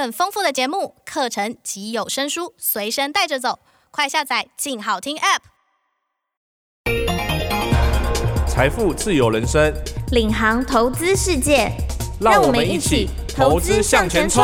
更豐富的節目、課程及有聲書隨身帶着走，快下載“鏡好聽 ”App。財富自由人生，領航投資世界，讓我們一起投資向錢衝！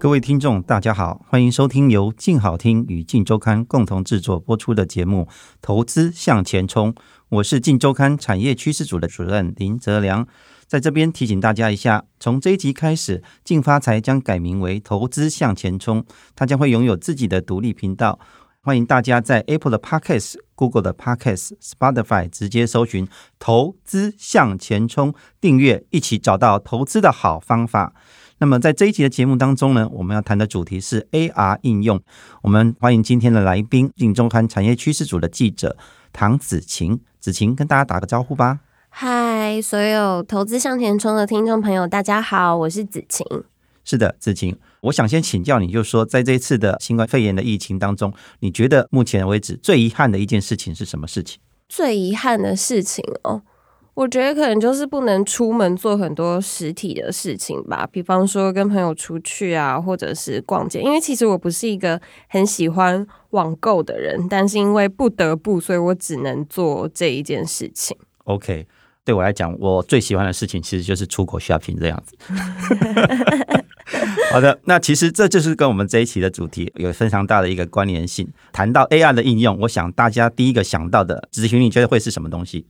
各位聽眾，大家好，歡迎收聽由“鏡好聽”與“鏡週刊”共同製作播出的節目《投資向錢衝》，我是“鏡週刊”產業趨勢組的主任林哲良。在這邊提醒大家一下，從這一集開始，《進發財》將改名為《投資向錢衝》，它將會擁有自己的獨立頻道。歡迎大家在 Apple 的 Podcast、Google 的 Podcast、Spotify 直接搜尋《投資向錢衝》，訂閱，一起找到投資的好方法。那麼，在這一集的節目當中呢，我們要談的主題是 AR 應用。我們歡迎今天的來賓，今周刊產業趨勢組的記者唐子晴。子晴，跟大家打個招呼吧。嗨，Hi, 所有投資向錢衝的聽眾朋友，大家好，我是子晴。是的，子晴，我想先請教你，就說在這一次的新冠肺炎的疫情當中，你覺得目前為止最遺憾的一件事情是什麼事情？最遺憾的事情哦，我覺得可能就是不能出門做很多實體的事情吧，比方說跟朋友出去啊，或者是逛街。因為其實我不是一個很喜歡網購的人，但是因為不得不，所以我只能做這一件事情。OK。對我來講，我最喜歡的事情其實就是出口需要 o 這樣子。 好的，那其實這就是跟我們這一期的主題有非常大的一個關聯性。談到 AI 的應用，我想大家第一個想到的，諮詢，你覺得會是什麼東西？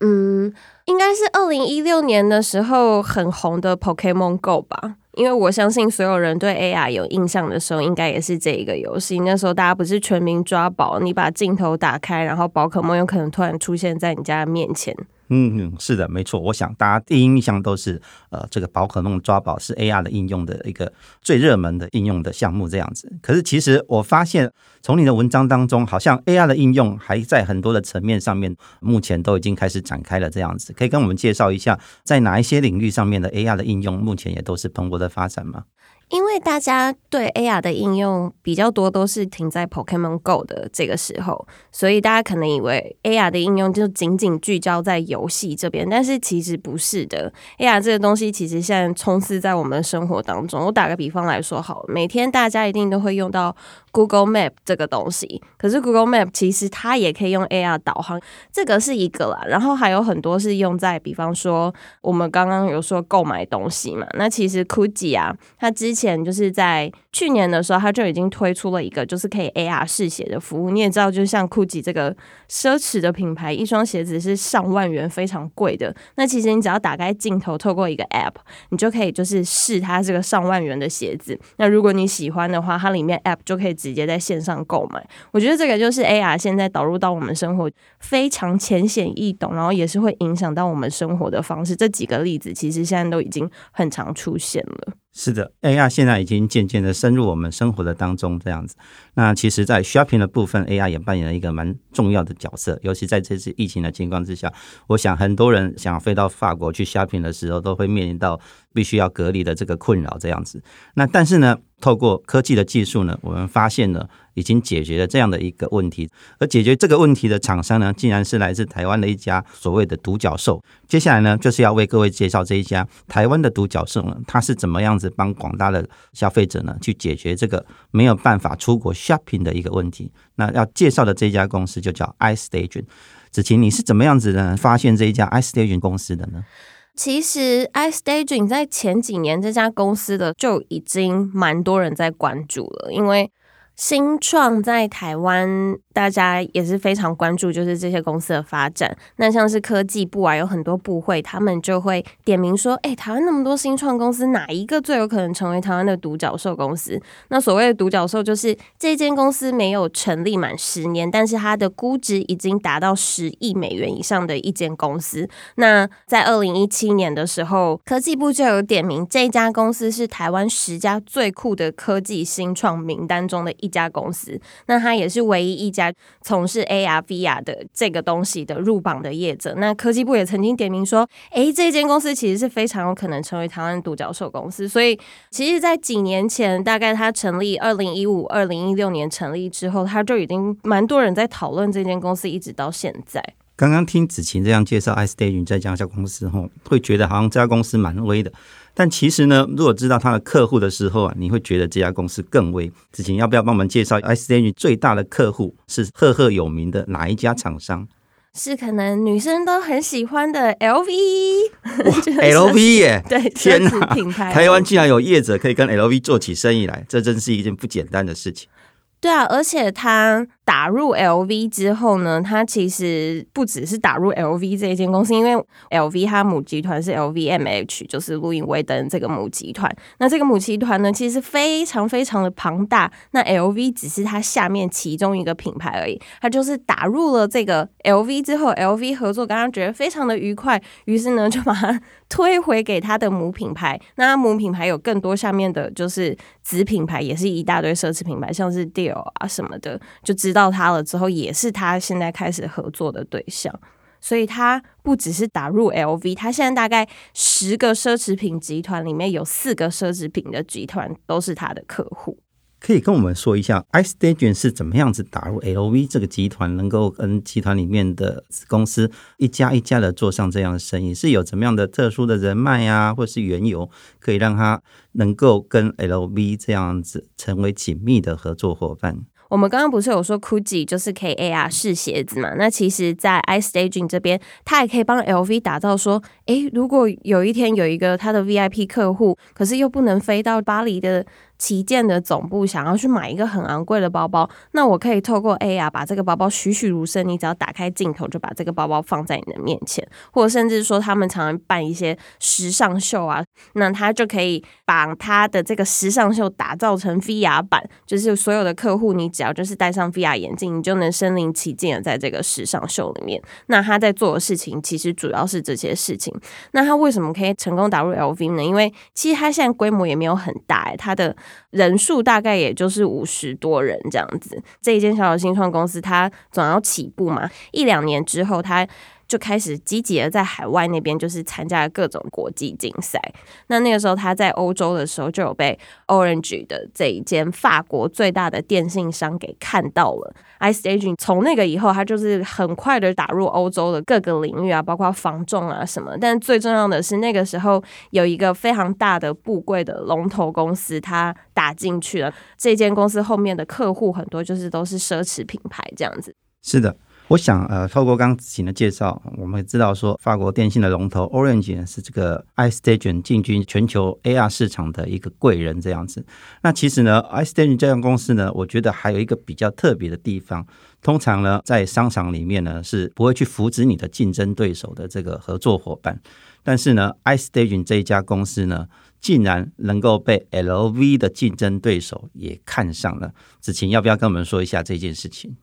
嗯，應該是二零一六年的時候很紅的 Pokémon Go 吧，因為我相信所有人對 AI 有印象的時候，應該也是這一個遊戲。那時候大家不是全民抓寶，你把鏡頭打開，然後寶可夢有可能突然出現在你家的面前。嗯嗯，是的，沒錯。我想大家第一印象都是，呃，這個寶可夢抓寶是 AR 的應用的一個最熱門的應用的項目這樣子。可是其實我發現，從你的文章當中，好像 AR 的應用還在很多的層面上面，目前都已經開始展開了這樣子。可以跟我們介紹一下，在哪一些領域上面的 AR 的應用目前也都是蓬勃的發展嗎？因為大家對 AR 的應用比較多，都是停在 Pokémon Go 的這個時候，所以大家可能以為 AR 的應用就僅僅聚焦在遊戲這邊，但是其實不是的。AR 這個東西其實現在充斥在我們生活當中。我打個比方來說，好了，每天大家一定都會用到 Google Map 這個東西，可是 Google Map 其實它也可以用 AR 導航，這個是一個啦。然後還有很多是用在，比方說我們剛剛有說購買東西嘛，那其實 Gucci 啊，它之前。前就是在去年的時候，他就已經推出了一個就是可以 AR 試鞋的服務。你也知道，就像 GUCCI 這個奢侈的品牌，一雙鞋子是上萬元，非常貴的。那其實你只要打開鏡頭，透過一個 App，你就可以就是試它這個上萬元的鞋子。那如果你喜歡的話，它裡面 App 就可以直接在線上購買。我覺得這個就是 AR 現在導入到我們生活非常淺顯易懂，然後也是會影響到我們生活的方式。這幾個例子其實現在都已經很常出現了。是的，AI 現在已經漸漸的深入我們生活的當中，這樣子。那其實，在 shopping 的部分，AI 也扮演了一個蠻重要的角色。尤其在這次疫情的情況之下，我想很多人想要飛到法國去 shopping 的時候，都會面臨到必須要隔離的這個困擾，這樣子。那但是呢？透過科技的技術呢，我們發現了已經解決了這樣的一個問題，而解決這個問題的廠商呢，竟然是來自台灣的一家所謂的獨角獸。接下來呢，就是要為各位介紹這一家台灣的獨角獸呢，它是怎麼樣子幫廣大的消費者呢，去解決這個沒有辦法出國 shopping 的一個問題。那要介紹的這家公司就叫 iStation。子晴，你是怎麼樣子呢，發現這一家 iStation 公司的呢？其實，iStaging 在前幾年這家公司的就已經蠻多人在關注了，因為。新創在台灣，大家也是非常關注，就是這些公司的發展。那像是科技部啊，有很多部會，他們就會點名說：“哎、欸，台灣那麼多新創公司，哪一個最有可能成為台灣的獨角獸公司？”那所謂的獨角獸，就是這間公司沒有成立滿十年，但是它的估值已經達到十億美元以上的一間公司。那在二零一七年的時候，科技部就有點名，這家公司是台灣十家最酷的科技新創名單中的一家公司，那他也是唯一一家從事 AR VR 的這個東西的入榜的業者。那科技部也曾經點名說，誒，這間公司其實是非常有可能成為台灣獨角獸公司。所以，其實，在幾年前，大概他成立二零一五、二零一六年成立之後，他就已經蠻多人在討論這間公司，一直到現在。剛剛聽子晴這樣介紹，iStaging 在講這家公司後，會覺得好像這家公司蠻威的。但其實呢，如果知道他的客戶的時候啊，你會覺得這家公司更威。子晴，要不要幫我們介紹？S D N 最大的客戶是赫赫有名的哪一家廠商？是可能女生都很喜歡的 L V，L V 耶！對，天哪，品牌台灣竟然有業者可以跟 L V 做起生意來，這真是一件不簡單的事情。對啊，而且他打入 LV 之後呢，他其實不只是打入 LV 這一間公司，因為 LV 他母集團是 LVMH，就是路易威登這個母集團。那這個母集團呢，其實非常非常的龐大，那 LV 只是它下面其中一個品牌而已。他就是打入了這個 LV 之後，LV 合作剛剛覺得非常的愉快，於是呢就把它推回給他的母品牌。那他母品牌有更多下面的就是子品牌，也是一大堆奢侈品牌，像是 Dior。啊什麼的，就知道他了之後，也是他現在開始合作的對象，所以他不只是打入 LV，他現在大概十個奢侈品集團裡面有四個奢侈品的集團都是他的客戶。可以跟我們說一下，iStaging 是怎麼樣子打入 LV 這個集團，能夠跟集團裡面的公司一家一家的做上這樣的生意，是有怎麼樣的特殊的人脈呀、啊，或是緣由，可以讓他能夠跟 LV 這樣子成為緊密的合作夥伴？我們剛剛不是有說 Gucci 就是 K A R 試鞋子嘛？那其實，在 iStaging 這邊，他也可以幫 LV 打造，說，哎、欸，如果有一天有一個他的 VIP 客戶，可是又不能飛到巴黎的。旗艦的總部想要去買一個很昂貴的包包，那我可以透過 AR 把這個包包栩栩如生。你只要打開鏡頭，就把這個包包放在你的面前，或者甚至說他們常常辦一些時尚秀啊，那他就可以把他的這個時尚秀打造成 VR 版，就是所有的客戶你只要就是戴上 VR 眼鏡，你就能身臨其境的在這個時尚秀裡面。那他在做的事情其實主要是這些事情。那他為什麼可以成功打入 LV 呢？因為其實他現在規模也沒有很大、欸，他的。人數大概也就是五十多人這樣子，這一間小小新創公司，它總要起步嘛，一兩年之後它。就開始積極的在海外那邊，就是參加各種國際競賽。那那個時候他在歐洲的時候，就有被 Orange 的這一間法國最大的電信商給看到了。Ice a g i n g 從那個以後，他就是很快的打入歐洲的各個領域啊，包括房重啊什麼。但最重要的是，那個時候有一個非常大的不貴的龍頭公司，他打進去了。這間公司後面的客戶很多，就是都是奢侈品牌這樣子。是的。我想，呃，透過剛子晴的介紹，我們知道說法國電信的龍頭 Orange 是這個 iStaging 進軍全球 AR 市場的一個貴人這樣子。那其實呢 iStaging 這家公司呢，我覺得還有一個比較特別的地方。通常呢，在商場裡面呢是不會去扶持你的競爭對手的這個合作伙伴，但是呢 iStaging 這一家公司呢，竟然能夠被 LV 的競爭對手也看上了。子晴要不要跟我們說一下這件事情？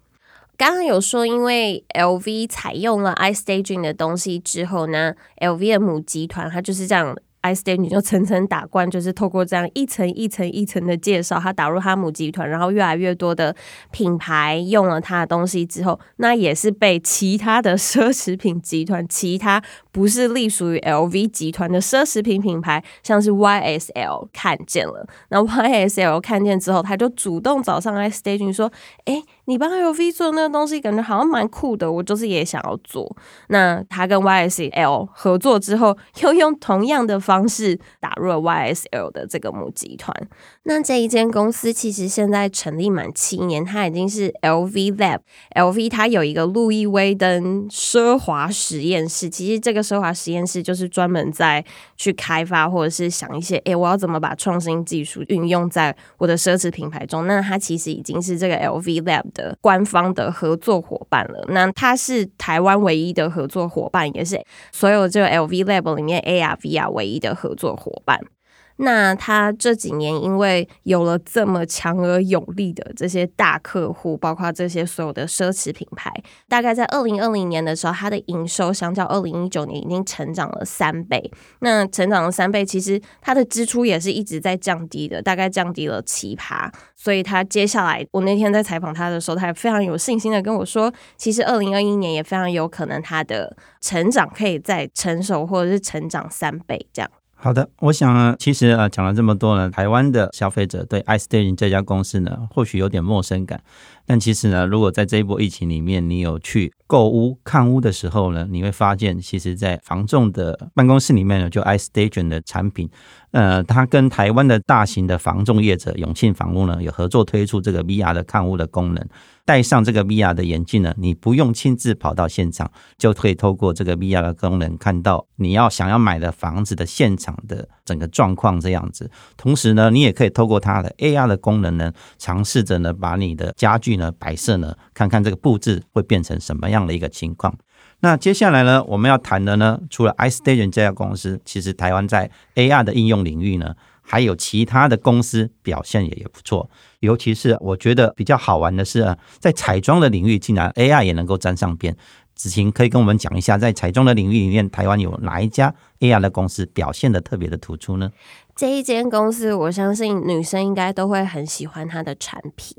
剛剛有說，因為 LV 採用了 iStaging 的東西之後呢，LV 的母集團它就是這樣，iStaging 就層層打關，就是透過這樣一層一層一層的介紹，它打入它母集團，然後越來越多的品牌用了它的東西之後，那也是被其他的奢侈品集團其他。不是隸屬於 LV 集團的奢侈品品牌，像是 YSL 看見了，那 YSL 看見之後，他就主動找上來 Staging 說：“哎、欸，你幫 LV 做那個東西，感覺好像蠻酷的，我就是也想要做。”那他跟 YSL 合作之後，又用同樣的方式打入了 YSL 的這個母集團。那這一間公司其實現在成立滿七年，它已經是 LV Lab，LV 它有一個路易威登奢華實驗室。其實這個。奢華實驗室就是專門在去開發，或者是想一些，誒、欸，我要怎麼把創新技術運用在我的奢侈品牌中？那它其實已經是這個 LV Lab 的官方的合作夥伴了。那它是台灣唯一的合作夥伴，也是所有這個 LV Lab 裡面 AR VR 唯一的合作夥伴。那他這幾年因為有了這麼強而有力的這些大客戶，包括這些所有的奢侈品牌，大概在二零二零年的時候，它的營收相較二零一九年已經成長了三倍。那成長了三倍，其實它的支出也是一直在降低的，大概降低了七趴。所以他接下來，我那天在採訪他的時候，他還非常有信心的跟我說，其實二零二一年也非常有可能他的成長可以再成熟或者是成長三倍這樣。好的，我想呢，其實啊，講了這麼多呢，台灣的消費者對 iStaging 這家公司呢，或許有點陌生感。但其實呢，如果在這一波疫情裡面，你有去購屋看屋的時候呢，你會發現，其實，在房仲的辦公室裡面呢，就 iStaging 的產品，呃，它跟台灣的大型的房仲業者永慶房屋呢，有合作推出這個 VR 的看屋的功能。戴上這個 VR 的眼鏡呢，你不用親自跑到現場，就可以透過這個 VR 的功能，看到你要想要買的房子的現場的整個狀況這樣子。同時呢，你也可以透過它的 AR 的功能呢，嘗試着呢，把你的家具呢，呃，擺設呢，看看這個布置會變成什麼樣的一個情況。那接下來呢，我們要談的呢，除了 iStation 這家公司，其實臺灣在 AR 的應用領域呢，還有其他的公司表現也也不錯。尤其是我覺得比較好玩的是啊，在彩妝的領域，竟然 AR 也能夠沾上邊。子晴可以跟我們講一下，在彩妝的領域裡面，臺灣有哪一家 AR 的公司表現得特別的突出呢？這一間公司，我相信女生應該都會很喜歡它的產品，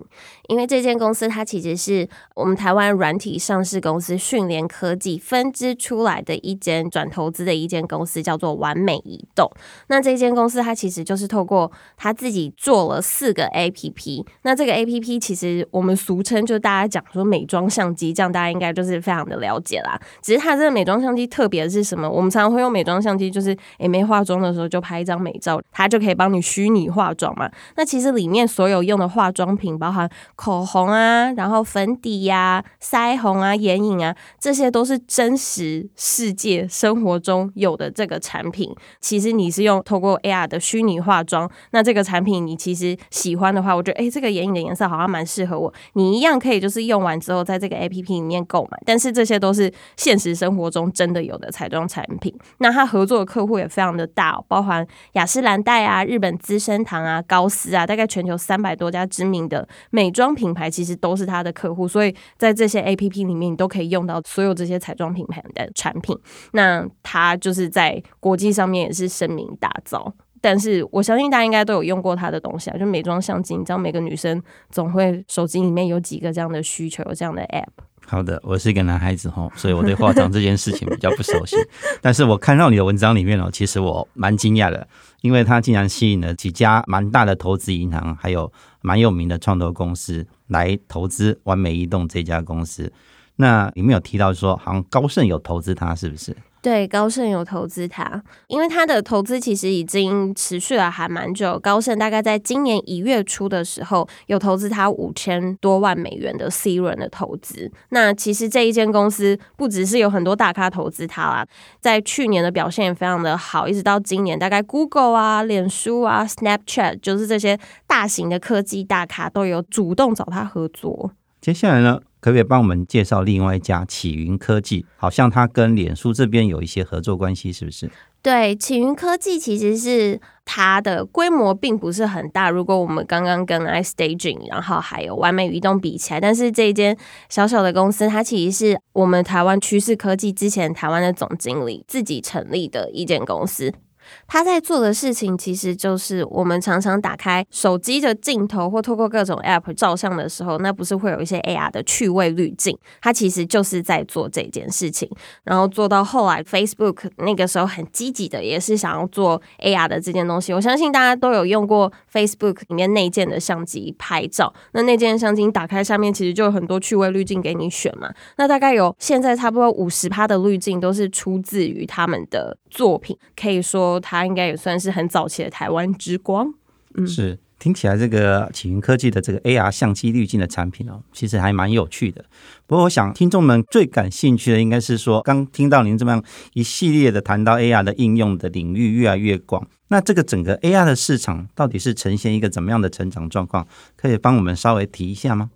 因為這間公司它其實是我們台灣軟體上市公司訊連科技分支出來的一間轉投資的一間公司，叫做玩美移動。那這間公司它其實就是透過它自己做了四個 A P P，那這個 A P P 其實我們俗稱就大家講說美妝相機，這樣大家應該就是非常的了解啦。只是它這個美妝相機特別是什麼？我們常常會用美妝相機，就是誒、欸、沒化妝的時候就拍一張美照。它就可以幫你虛擬化妝嘛？那其實裡面所有用的化妝品，包含口紅啊，然後粉底呀，啊、腮紅啊、眼影啊，這些都是真實世界生活中有的這個產品。其實你是用透過 AR 的虛擬化妝，那這個產品你其實喜歡的話，我覺得誒、欸、這個眼影的顏色好像蠻適合我。你一樣可以就是用完之後在這個 APP 裡面購買。但是這些都是現實生活中真的有的彩妝產品。那它合作的客戶也非常的大喔，包含雅詩蘭。蘭黛啊，日本資生堂啊，高絲啊，大概全球三百多家知名的美妝品牌，其實都是它的客戶，所以在這些 APP 裡面，你都可以用到所有這些彩妝品牌的產品。那它就是在國際上面也是聲名大噪，但是我相信大家應該都有用過它的東西啊，就美妝相機，你知道每個女生總會手機裡面有幾個這樣的需求，這樣的 App。好的，我是一個男孩子哦，所以我對化妝這件事情比較不熟悉。 但是我看到你的文章裡面哦，其實我蠻驚訝的，因為他竟然吸引了幾家蠻大的投資銀行，還有蠻有名的創投公司來投資完美移動這家公司。那有沒有提到說，好像高盛有投資他，是不是？對，高盛有投資他。因為他的投資其實已經持續了還蠻久。高盛大概在今年一月初的時候有投資他五千多萬美元的 C 輪的投資。那其實這一間公司不只是有很多大咖投資他啦，在去年的表現也非常的好，一直到今年，大概 Google 啊、臉書啊、Snapchat 就是這些大型的科技大咖都有主動找他合作。接下來呢？可不可以幫我們介紹另外一家起雲科技？好像它跟臉書這邊有一些合作關係，是不是？對，起雲科技其實是它的規模並不是很大。如果我們剛剛跟 iStaging，然後還有玩美移動比起來，但是這間小小的公司，它其實是我們台灣趨勢科技之前台灣的總經理自己成立的一間公司。他在做的事情其實就是我們常常打開手機的鏡頭或透過各種 App 照相的時候，那不是會有一些 AR 的趣味濾鏡？他其實就是在做這件事情。然後做到後來，Facebook 那個時候很積極的也是想要做 AR 的這件東西。我相信大家都有用過 Facebook 裡面內建的相機拍照，那內建相機打開下面其實就有很多趣味濾鏡給你選嘛。那大概有現在差不多五十趴的濾鏡都是出自於他們的作品，可以說。它應該也算是很早期的台灣之光。嗯是，是聽起來這個啟雲科技的這個 AR 相機濾鏡的產品哦、喔,其實還蠻有趣的。不過我想聽眾們最感興趣的應該是說，剛聽到您這麼一系列的談到 AR 的應用的領域越來越廣，那這個整個 AR 的市場到底是呈現一個怎麼樣的成長狀況？可以幫我們稍微提一下嗎？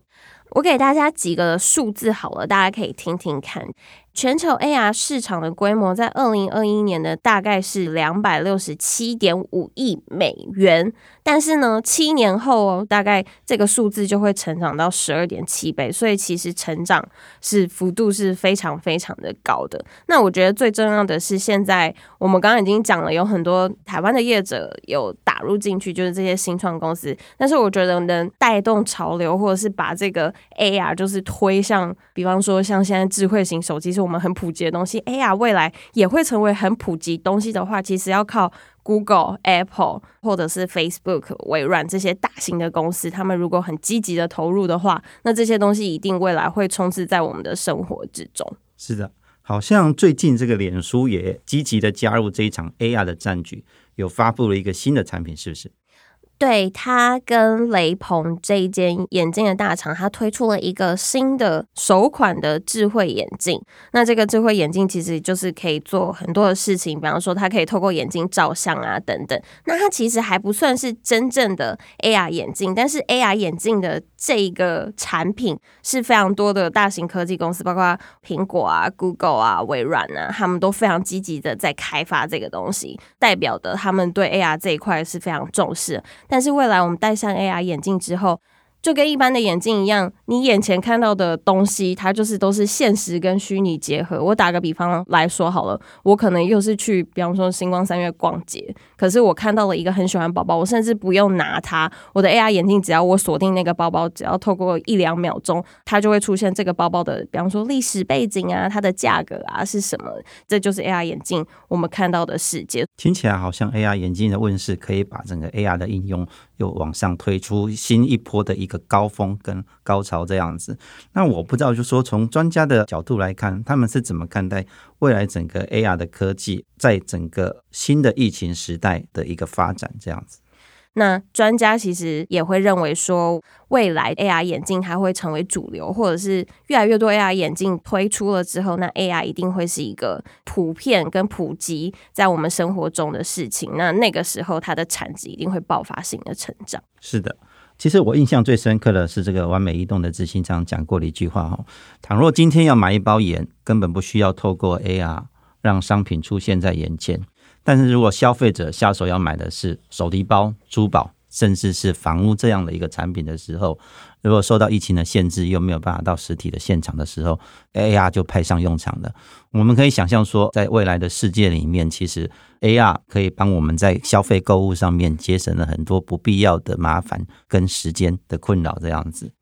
我給大家幾個數字好了，大家可以聽聽看。全球 AR 市場的規模在二零二一年呢，大概是兩百六十七點五億美元。但是呢，七年後哦，大概這個數字就會成長到十二點七倍，所以其實成長是幅度是非常非常的高的。那我覺得最重要的是，現在我們剛剛已經講了，有很多台灣的業者有打入進去，就是這些新創公司。但是我覺得能帶動潮流，或者是把這個 AR 就是推向，比方說像現在智慧型手機是我們很普及的東西，AR 未來也會成為很普及東西的話，其實要靠。Google、Apple 或者是 Facebook、微軟這些大型的公司，他們如果很積極的投入的話，那這些東西一定未來會充斥在我們的生活之中。是的，好像最近這個臉書也積極的加入這一場 AR 的戰局，有發佈了一個新的產品，是不是？對，他跟雷朋這一間眼鏡的大廠，他推出了一個新的首款的智慧眼鏡。那這個智慧眼鏡其實就是可以做很多的事情，比方說它可以透過眼鏡照相啊等等。那它其實還不算是真正的 AR 眼鏡，但是 AR 眼鏡的這一個產品是非常多的大型科技公司，包括蘋果啊、Google 啊、微軟啊，他們都非常積極的在開發這個東西，代表的他們對 AR 這一塊是非常重視。但是未來我們戴上 AR 眼鏡之後，就跟一般的眼鏡一樣，你眼前看到的東西，它就是都是現實跟虛擬結合。我打個比方來說好了，我可能又是去，比方說新光三越逛街。可是我看到了一個很喜歡的包包，我甚至不用拿它，我的 AR 眼鏡只要我鎖定那個包包，只要透過一兩秒鐘，它就會出現這個包包的，比方說歷史背景啊，它的價格啊是什麼？這就是 AR 眼鏡我們看到的世界。聽起來好像 AR 眼鏡的問世可以把整個 AR 的應用又往上推出新一波的一個高峰跟高潮這樣子。那我不知道，就說從專家的角度來看，他們是怎麼看待未來整個 AR 的科技在整個？新的疫情時代的一個發展，這樣子，那專家其實也會認為說，未來 AR 眼鏡它會成為主流，或者是越來越多 AR 眼鏡推出了之後，那 AR 一定會是一個普遍跟普及在我們生活中的事情。那那個時候，它的產值一定會爆發性的成長。是的，其實我印象最深刻的是這個完美移動的執行長講過的一句話哈：倘若今天要買一包鹽，根本不需要透過 AR 讓商品出現在眼前。但是如果消費者下手要買的是手提包、珠寶，甚至是房屋這樣的一個產品的時候，如果受到疫情的限制，又沒有辦法到實體的現場的時候，AR 就派上用場了。我們可以想象說，在未來的世界裡面，其實 AR 可以幫我們在消費購物上面節省了很多不必要的麻煩跟時間的困擾，這樣子。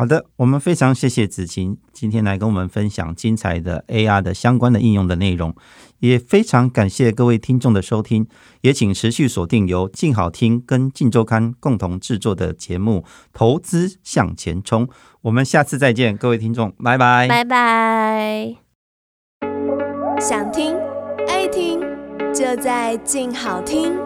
好的，我們非常謝謝子晴今天來跟我們分享精彩的 AR 的相關的應用的內容，也非常感謝各位聽眾的收聽，也請持續鎖定由靜好聽跟靜周刊共同制作的節目《投資向錢衝》，我們下次再見，各位聽眾，拜拜，拜拜。想聽愛聽就在靜好聽。